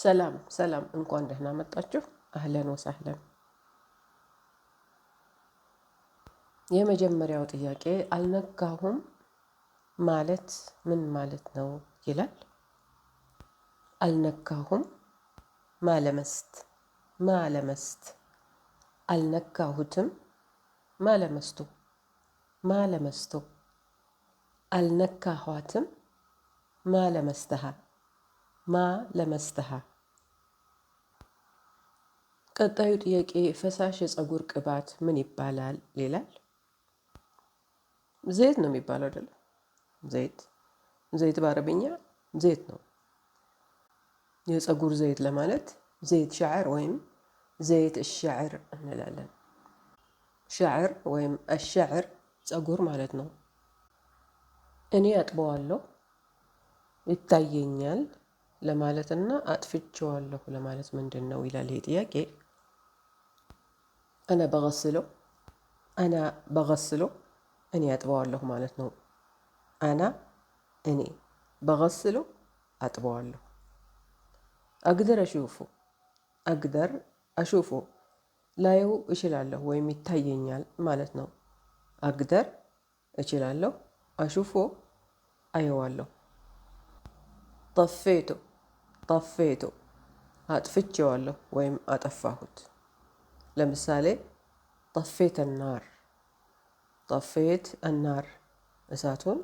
ሰላም ሰላም፣ እንኳን ደህና መጣችሁ። አህለን ወሳህለን። የመጀመሪያው ጥያቄ አልነካሁም ማለት ምን ማለት ነው ይላል። አልነካሁም ማለመስት ማለመስት፣ አልነካሁትም ማለመስቱ ማለመስቱ፣ አልነካኋትም ማለመስተሃ ማ ለመስተሃ ቀጣዩ ጥያቄ ፈሳሽ የፀጉር ቅባት ምን ይባላል ይላል? ዘይት ነው የሚባለው አይደለ? ዘይት ዘይት በአረብኛ ዘይት ነው። የፀጉር ዘይት ለማለት ዘይት ሻዕር ወይም ዘይት ሻዕር እንላለን። ሻዕር ወይም አሻዕር ፀጉር ማለት ነው። እኔ አጥበዋለሁ፣ ይታየኛል፣ ለማለትና አጥፍቼዋለሁ ለማለት ምንድን ነው ይላል ይሄ ጥያቄ። አና በገስሎ አና በገስሎ እኔ አጥበዋለሁ ማለት ነው። አና እኔ በገስሎ አጥበዋለሁ። አግደር አሹፉ አግደር አሹፉ ላየው እችላለሁ ወይም ይታየኛል ማለት ነው። አግደር እችላለሁ፣ አሹፎ አየዋለሁ። ጠፌቶ ጠፌቶ አጥፍቼዋለሁ ወይም አጠፋሁት። ለምሳሌ ጠፌት ናር፣ ጠፌት ናር እሳቱን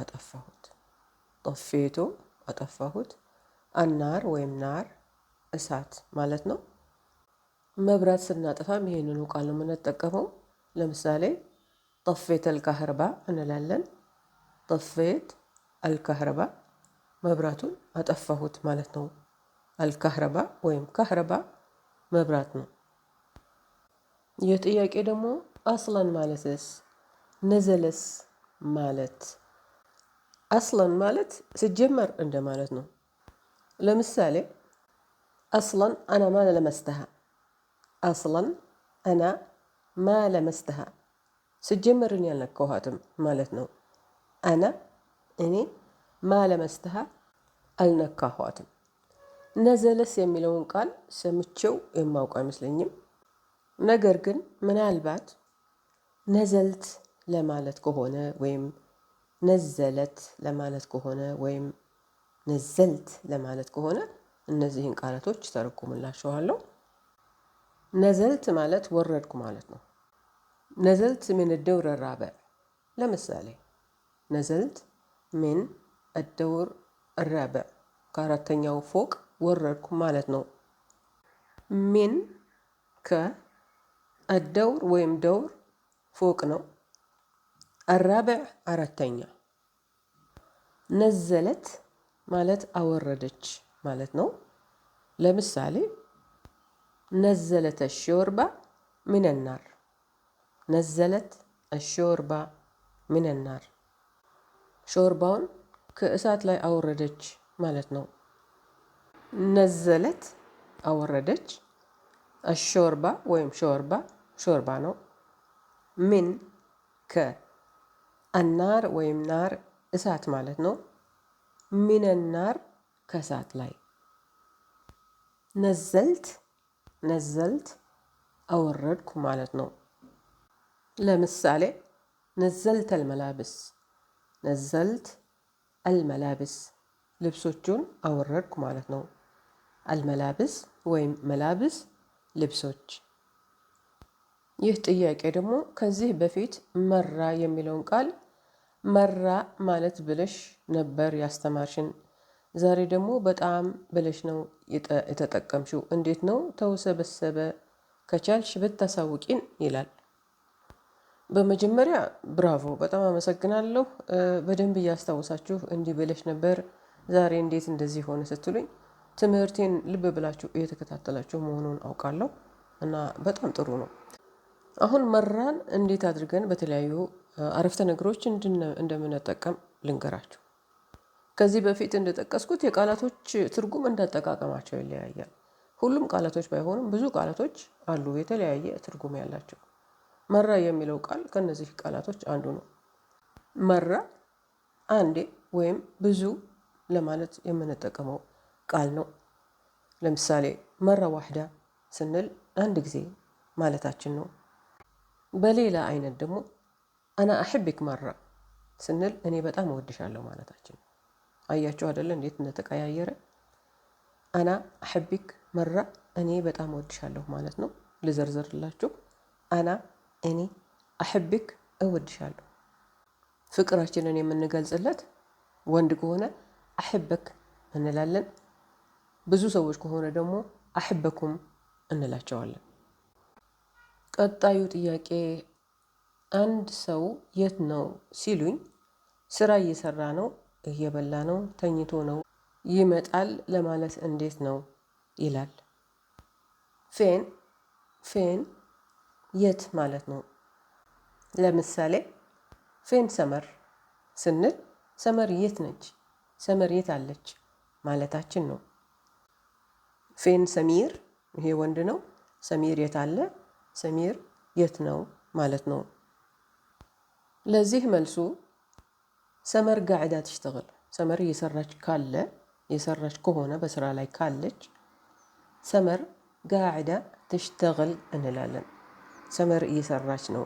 አጠፋሁት። ጠፌቶ አጠፋሁት። አናር ወይም ናር እሳት ማለት ነው። መብራት ስናጠፋም ይሄንኑ ቃል ነው የምንጠቀመው። ለምሳሌ ጠፌት አልካህርባ እንላለን። ጠፌት አልካህርባ መብራቱን አጠፋሁት ማለት ነው። አልካህረባ ወይም ካህረባ መብራት ነው። ይህ ጥያቄ ደግሞ አስለን ማለትስ ነዘለስ ማለት አስለን ማለት ስጀመር እንደ ማለት ነው። ለምሳሌ አስለን አና ማ ለመስተሃ አስለን አና ማ ለመስተሃ ስጀመርን ያልነካኋትም ማለት ነው። አና እኔ ማ ለመስተሃ አልነካኋትም። ነዘለስ የሚለውን ቃል ሰምቼው የማውቅ አይመስለኝም። ነገር ግን ምናልባት ነዘልት ለማለት ከሆነ ወይም ነዘለት ለማለት ከሆነ ወይም ነዘልት ለማለት ከሆነ እነዚህን ቃላቶች ተረጉምላቸዋለሁ። ነዘልት ማለት ወረድኩ ማለት ነው። ነዘልት ምን እደውር ራበ። ለምሳሌ ነዘልት ምን እደውር ረበ ከአራተኛው ፎቅ ወረድኩ ማለት ነው። ከ አደውር ወይም ደውር ፎቅ ነው። አራብዕ አራተኛ። ነዘለት ማለት አወረደች ማለት ነው። ለምሳሌ ነዘለት አሾርባ ሚነናር፣ ነዘለት አሾርባ ሚነናር ሾርባውን ከእሳት ላይ አወረደች ማለት ነው። ነዘለት አወረደች። አሾርባ ወይም ሾርባ ሾርባ ነው። ምን ከ አናር ወይም ናር እሳት ማለት ነው። ሚነናር ከእሳት ላይ ነዘልት ነዘልት አወረድኩ ማለት ነው። ለምሳሌ ነዘልተል አልመላብስ ነዘልት አልመላብስ ልብሶቹን አወረድኩ ማለት ነው። አልመላብስ ወይም መላብስ ልብሶች። ይህ ጥያቄ ደግሞ ከዚህ በፊት መራ የሚለውን ቃል መራ ማለት ብለሽ ነበር ያስተማርሽን፣ ዛሬ ደግሞ በጣም ብለሽ ነው የተጠቀምሽው። እንዴት ነው ተውሰበሰበ? ከቻልሽ ብታሳውቂን ይላል። በመጀመሪያ ብራቮ በጣም አመሰግናለሁ በደንብ እያስታወሳችሁ እንዲህ ብለሽ ነበር ዛሬ እንዴት እንደዚህ ሆነ ስትሉኝ ትምህርቴን ልብ ብላችሁ እየተከታተላችሁ መሆኑን አውቃለሁ እና በጣም ጥሩ ነው። አሁን መራን እንዴት አድርገን በተለያዩ አረፍተ ነገሮች እንደምንጠቀም ልንገራችሁ። ከዚህ በፊት እንደጠቀስኩት የቃላቶች ትርጉም እንዳጠቃቀማቸው ይለያያል። ሁሉም ቃላቶች ባይሆኑም ብዙ ቃላቶች አሉ የተለያየ ትርጉም ያላቸው። መራ የሚለው ቃል ከነዚህ ቃላቶች አንዱ ነው። መራ አንዴ ወይም ብዙ ለማለት የምንጠቀመው ቃል ነው። ለምሳሌ መራ ዋህዳ ስንል አንድ ጊዜ ማለታችን ነው። በሌላ አይነት ደግሞ አና አሕቢክ መራ ስንል እኔ በጣም እወድሻለሁ ማለታችን ነው። አያችሁ አደለ እንዴት እንደተቀያየረ። አና አሕቢክ መራ እኔ በጣም እወድሻለሁ ማለት ነው። ልዘርዘርላችሁ አና እኔ አሕብክ እወድሻለሁ። ፍቅራችንን የምንገልጽለት ወንድ ከሆነ አሕበክ እንላለን። ብዙ ሰዎች ከሆነ ደግሞ አሕበኩም እንላቸዋለን። ቀጣዩ ጥያቄ አንድ ሰው የት ነው ሲሉኝ፣ ስራ እየሰራ ነው፣ እየበላ ነው፣ ተኝቶ ነው፣ ይመጣል ለማለት እንዴት ነው ይላል። ፌን ፌን የት ማለት ነው። ለምሳሌ ፌን ሰመር ስንል ሰመር የት ነች፣ ሰመር የት አለች ማለታችን ነው። ፌን ሰሚር ይሄ ወንድ ነው። ሰሚር የት አለ፣ ሰሚር የት ነው ማለት ነው። ለዚህ መልሱ ሰመር ጋዕዳ ትሽተግል፣ ሰመር እየሰራች ካለ የሰራች ከሆነ በስራ ላይ ካለች ሰመር ጋዕዳ ትሽተግል እንላለን። ሰመር እየሰራች ነው።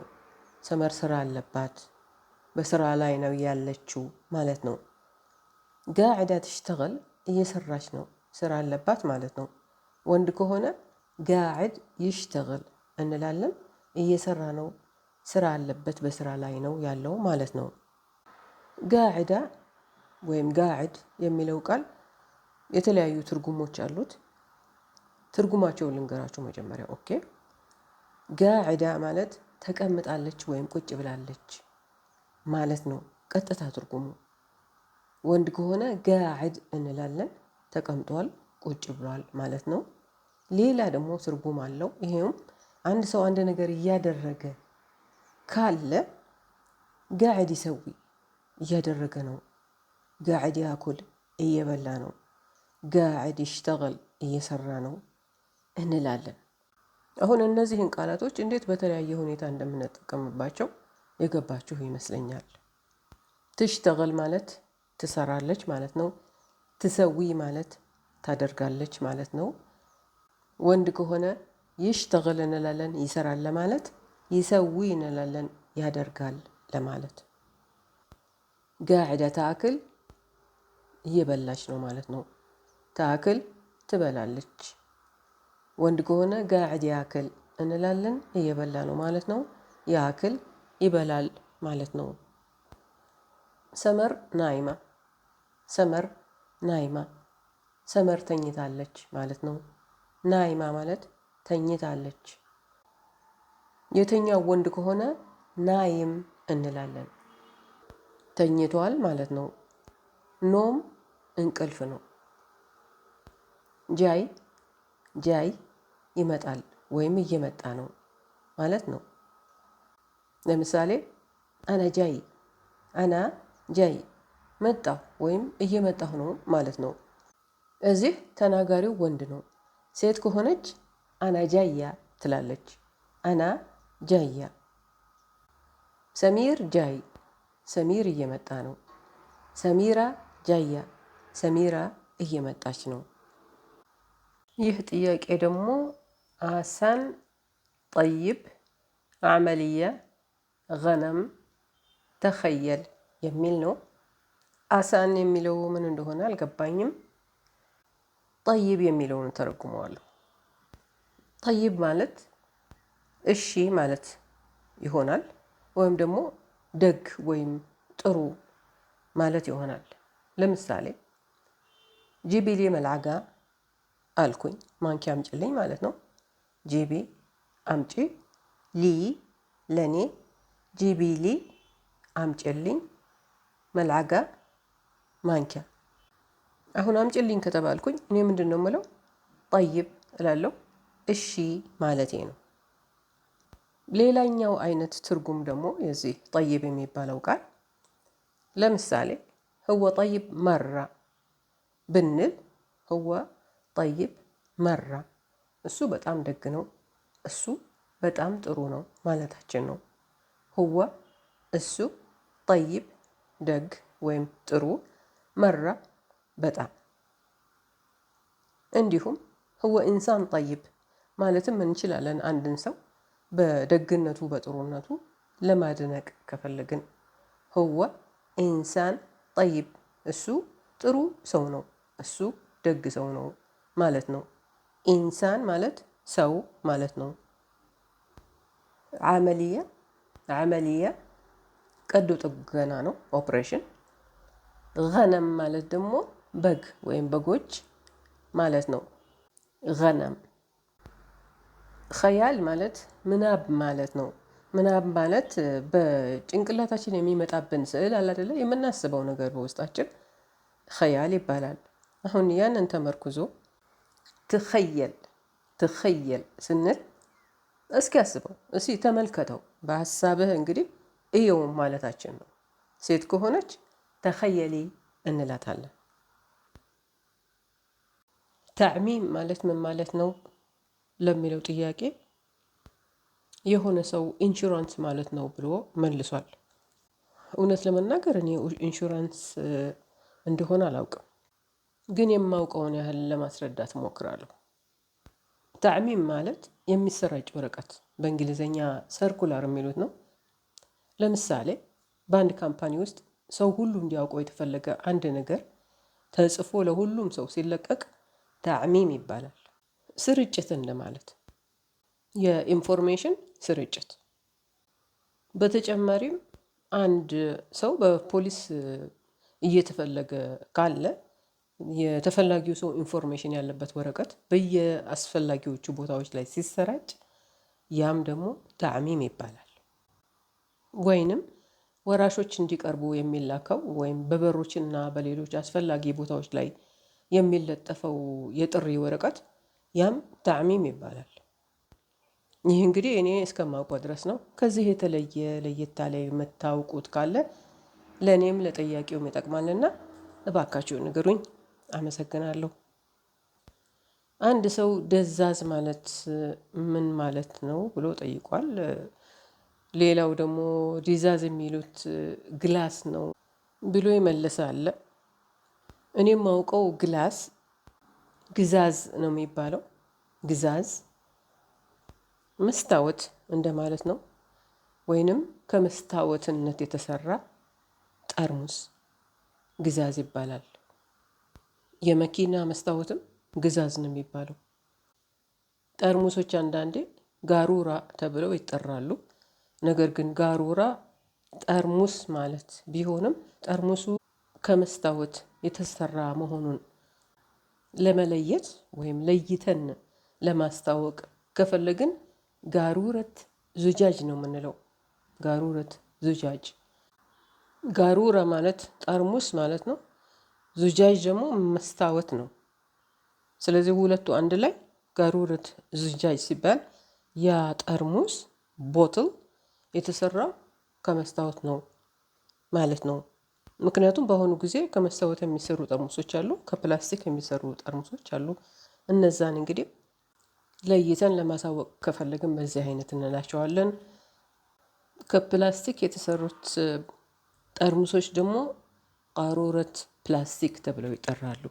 ሰመር ስራ አለባት፣ በስራ ላይ ነው ያለችው ማለት ነው። ጋዕዳ ትሽተገል እየሰራች ነው፣ ስራ አለባት ማለት ነው። ወንድ ከሆነ ጋዕድ ይሽተገል እንላለን። እየሰራ ነው፣ ስራ አለበት፣ በስራ ላይ ነው ያለው ማለት ነው። ጋዕዳ ወይም ጋዕድ የሚለው ቃል የተለያዩ ትርጉሞች አሉት። ትርጉማቸው ልንገራችሁ መጀመሪያ ኦኬ ጋዕዳ ማለት ተቀምጣለች ወይም ቁጭ ብላለች ማለት ነው። ቀጥታ ትርጉሙ ወንድ ከሆነ ጋዕድ እንላለን፣ ተቀምጧል፣ ቁጭ ብሏል ማለት ነው። ሌላ ደግሞ ትርጉም አለው። ይሄውም አንድ ሰው አንድ ነገር እያደረገ ካለ ጋዕድ ይሰዊ፣ እያደረገ ነው። ጋዕድ ያኩል፣ እየበላ ነው። ጋዕድ ይሽተገል፣ እየሰራ ነው እንላለን። አሁን እነዚህን ቃላቶች እንዴት በተለያየ ሁኔታ እንደምንጠቀምባቸው የገባችሁ ይመስለኛል። ትሽተገል ማለት ትሰራለች ማለት ነው። ትሰዊ ማለት ታደርጋለች ማለት ነው። ወንድ ከሆነ ይሽተገል እንላለን፣ ይሰራል ለማለት ይሰዊ እንላለን፣ ያደርጋል ለማለት። ጋዕዳ ተአክል እየበላች ነው ማለት ነው። ተአክል ትበላለች ወንድ ከሆነ ጋዕድ ያክል እንላለን። እየበላ ነው ማለት ነው። ያክል ይበላል ማለት ነው። ሰመር ናይማ፣ ሰመር ናይማ፣ ሰመር ተኝታለች ማለት ነው። ናይማ ማለት ተኝታለች። የተኛው ወንድ ከሆነ ናይም እንላለን። ተኝቷል ማለት ነው። ኖም እንቅልፍ ነው። ጃይ ጃይ ይመጣል ወይም እየመጣ ነው ማለት ነው። ለምሳሌ አና ጃይ፣ አና ጃይ መጣሁ ወይም እየመጣሁ ነው ማለት ነው። እዚህ ተናጋሪው ወንድ ነው። ሴት ከሆነች አና ጃያ ትላለች። አና ጃያ። ሰሚር ጃይ፣ ሰሚር እየመጣ ነው። ሰሚራ ጃያ፣ ሰሚራ እየመጣች ነው። ይህ ጥያቄ ደግሞ غسان ጠይብ አመልየ ገነም ተኸየል የሚል ነው። አሳን የሚለው ምን እንደሆነ አልገባኝም። ጠይብ የሚለውን ተረጉመዋለሁ። ጠይብ ማለት እሺ ማለት ይሆናል፣ ወይም ደግሞ ደግ ወይም ጥሩ ማለት ይሆናል። ለምሳሌ ጂቢሌ መልዓጋ አልኩኝ፣ ማንኪያ አምጪልኝ ማለት ነው። ጂቢ አምጪ ሊ ለኔ ጂቢሊ አምጪልኝ መልዓጋ ማንኪያ። አሁን አምጪልኝ ከተባልኩኝ እኔ ምንድን ነው የምለው? ጠይብ እላለሁ። እሺ ማለቴ ነው። ሌላኛው አይነት ትርጉም ደግሞ የዚህ ጠይብ የሚባለው ቃል ለምሳሌ ህወ ጠይብ መራ ብንል፣ ህወ ጠይብ መራ እሱ በጣም ደግ ነው፣ እሱ በጣም ጥሩ ነው ማለታችን ነው። ሁወ እሱ፣ ጠይብ ደግ ወይም ጥሩ፣ መራ በጣም እንዲሁም ህወ ኢንሳን ጠይብ ማለትም እንችላለን አንድን ሰው በደግነቱ በጥሩነቱ ለማድነቅ ከፈለግን ህወ ኢንሳን ጠይብ፣ እሱ ጥሩ ሰው ነው፣ እሱ ደግ ሰው ነው ማለት ነው። ኢንሳን ማለት ሰው ማለት ነው። አመልያ አመልያ ቀዶ ጥገና ነው፣ ኦፕሬሽን። ገነም ማለት ደግሞ በግ ወይም በጎች ማለት ነው። ገነም። ኸያል ማለት ምናብ ማለት ነው። ምናብ ማለት በጭንቅላታችን የሚመጣብን ስዕል አለ አይደለ? የምናስበው ነገር በውስጣችን ኸያል ይባላል። አሁን ያንን ተመርኩዞ ትኸየል ትኸየል ስንል እስኪ አስበው፣ እስኪ ተመልከተው፣ በሀሳብህ እንግዲህ እየውም ማለታችን ነው። ሴት ከሆነች ተኸየሊ እንላታለን። ተዕሚም ማለት ምን ማለት ነው ለሚለው ጥያቄ የሆነ ሰው ኢንሹራንስ ማለት ነው ብሎ መልሷል። እውነት ለመናገር እኔ ኢንሹራንስ እንደሆነ አላውቅም። ግን የማውቀውን ያህል ለማስረዳት እሞክራለሁ። ታዕሚም ማለት የሚሰራጭ ወረቀት በእንግሊዝኛ ሰርኩላር የሚሉት ነው። ለምሳሌ በአንድ ካምፓኒ ውስጥ ሰው ሁሉ እንዲያውቀው የተፈለገ አንድ ነገር ተጽፎ ለሁሉም ሰው ሲለቀቅ ታዕሚም ይባላል። ስርጭት እንደማለት የኢንፎርሜሽን ስርጭት። በተጨማሪም አንድ ሰው በፖሊስ እየተፈለገ ካለ የተፈላጊው ሰው ኢንፎርሜሽን ያለበት ወረቀት በየአስፈላጊዎቹ ቦታዎች ላይ ሲሰራጭ ያም ደግሞ ተዕሚም ይባላል። ወይንም ወራሾች እንዲቀርቡ የሚላከው ወይም በበሮችና በሌሎች አስፈላጊ ቦታዎች ላይ የሚለጠፈው የጥሪ ወረቀት ያም ተዕሚም ይባላል። ይህ እንግዲህ እኔ እስከማውቀ ድረስ ነው። ከዚህ የተለየ ለየት ያለ የምታውቁት ካለ ለእኔም ለጠያቂውም ይጠቅማልና እባካችሁ ንገሩኝ። አመሰግናለሁ። አንድ ሰው ደዛዝ ማለት ምን ማለት ነው ብሎ ጠይቋል? ሌላው ደግሞ ዲዛዝ የሚሉት ግላስ ነው ብሎ የመለሰ አለ። እኔም ማውቀው ግላስ ግዛዝ ነው የሚባለው ግዛዝ መስታወት እንደማለት ነው። ወይንም ከመስታወትነት የተሰራ ጠርሙስ ግዛዝ ይባላል። የመኪና መስታወትም ግዛዝ ነው የሚባለው። ጠርሙሶች አንዳንዴ ጋሩራ ተብለው ይጠራሉ። ነገር ግን ጋሩራ ጠርሙስ ማለት ቢሆንም ጠርሙሱ ከመስታወት የተሰራ መሆኑን ለመለየት ወይም ለይተን ለማስታወቅ ከፈለግን ጋሩረት ዙጃጅ ነው የምንለው። ጋሩረት ዙጃጅ ጋሩራ ማለት ጠርሙስ ማለት ነው። ዙጃጅ ደግሞ መስታወት ነው። ስለዚህ ሁለቱ አንድ ላይ ጋሩረት ዙጃጅ ሲባል ያ ጠርሙስ ቦትል የተሰራው ከመስታወት ነው ማለት ነው። ምክንያቱም በአሁኑ ጊዜ ከመስታወት የሚሰሩ ጠርሙሶች አሉ፣ ከፕላስቲክ የሚሰሩ ጠርሙሶች አሉ። እነዛን እንግዲህ ለይተን ለማሳወቅ ከፈለግን በዚህ አይነት እንላቸዋለን። ከፕላስቲክ የተሰሩት ጠርሙሶች ደግሞ ቃሩረት ፕላስቲክ ተብለው ይጠራሉ።